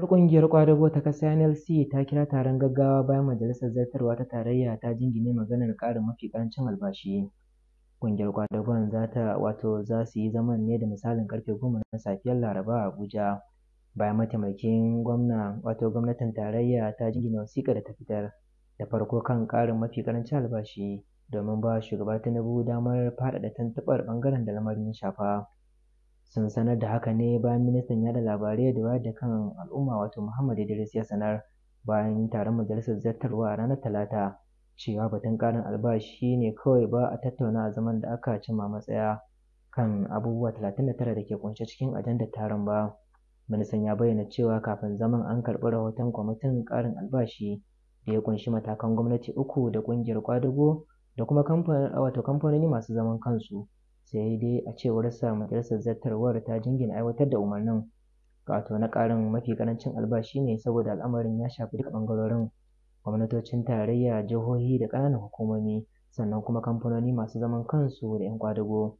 Har ƙungiyar ƙwadago ta ƙasa (NLC) ta kira taron gaggawa bayan Majalisar Zartarwa ta Tarayya ta jingine maganar ƙarin mafi ƙarancin albashi. Ƙungiyar ƙwadagon za ta wato za su yi zaman ne da misalin ƙarfe goma na safiyar Laraba a Abuja, bayan Mataimakin gwamna wato Gwamnatin Tarayya ta jingine wasiƙar da ta fitar da farko kan ƙarin mafi ƙarancin albashi, domin ba wa Shugaba Tinubu damar faɗaɗa tuntuɓar ɓangaren da lamarin ya shafa. sun sanar da haka ne bayan ministan yada labarai da wayar da kan al'umma wato muhammad idris ya sanar bayan taron majalisar zartarwa a ranar talata cewa batun karin albashi ne kawai ba a tattauna a zaman da aka cima matsaya kan abubuwa 39 da ke kunshe cikin ajandar taron ba ministan ya bayyana cewa kafin zaman an karɓi rahoton kwamitin karin albashi da ya kunshi matakan gwamnati uku da kungiyar kwadago da kuma kamfanoni masu zaman kansu sai dai a cewar sa majalisar zartarwar ta jingina aiwatar da umarnin wato na ƙarin mafi ƙarancin albashi ne saboda al'amarin ya shafi duka ɓangarorin gwamnatocin tarayya jihohi da ƙananan hukumomi sannan kuma kamfanoni masu zaman kansu da 'yan kwadago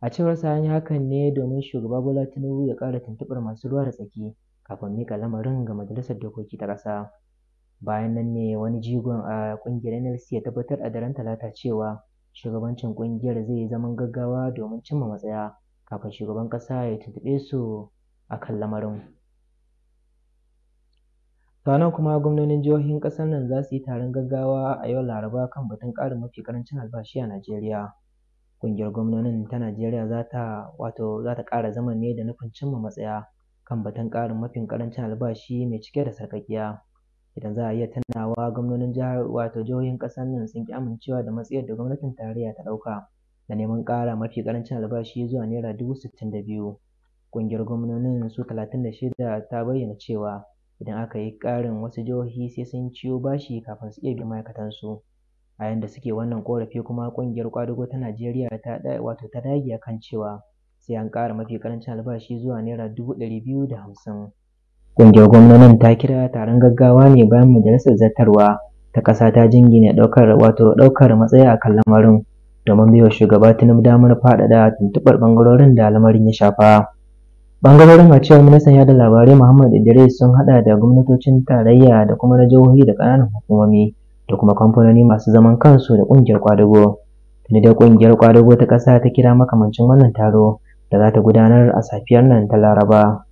a cewar sa an yi hakan ne domin shugaba bola tinubu ya ƙara tuntuɓar masu ruwa da tsaki kafin miƙa lamarin ga majalisar dokoki ta ƙasa bayan nan ne wani jigon a ƙungiyar nlc ya tabbatar a daren talata cewa shugabancin ƙungiyar zai yi zaman gaggawa domin cimma matsaya kafin shugaban ƙasa ya tuntuɓe su a kan lamarin. Sannan kuma gwamnonin jihohin ƙasar nan za su yi taron gaggawa a yau Laraba kan batun ƙarin mafi ƙarancin albashi a Najeriya. Ƙungiyar gwamnonin ta Najeriya za ta wato za ta ƙara zaman ne da nufin cimma matsaya kan batun ƙarin mafi ƙarancin albashi mai cike da sarƙaƙiya. idan za a iya tunawa gwamnonin jihar wato jihohin ƙasar nan sun ƙi amincewa da matsayar da gwamnatin tarayya ta ɗauka na neman ƙara mafi ƙarancin albashi zuwa naira dubu sittin da biyu ƙungiyar gwamnonin su talatin da shida ta bayyana cewa idan aka yi ƙarin wasu jihohi sai sun ciyo bashi kafin su iya biyan ma'aikatansu a yanda suke wannan ƙorafi kuma ƙungiyar ƙwadago ta najeriya ta wato ta dage kan cewa sai an ƙara mafi ƙarancin albashi zuwa naira dubu ɗari biyu da hamsin Ƙungiyar gwamnonin ta kira taron gaggawa ne bayan majalisar zartarwa ta ƙasa ta jingine ɗaukar wato ɗaukar matsaya a kan lamarin domin baiwa shugaba Tinubu damar faɗaɗa tuntuɓar ɓangarorin da lamarin ya shafa. Ɓangarorin a cewar ministan yada labarai Muhammad Idris sun haɗa da gwamnatocin tarayya da kuma na jihohi da ƙananan hukumomi da kuma kamfanoni masu zaman kansu da ƙungiyar kwadugo. Tuni da ƙungiyar kwadago ta ƙasa ta kira makamancin wannan taro da za ta gudanar a safiyar nan ta Laraba.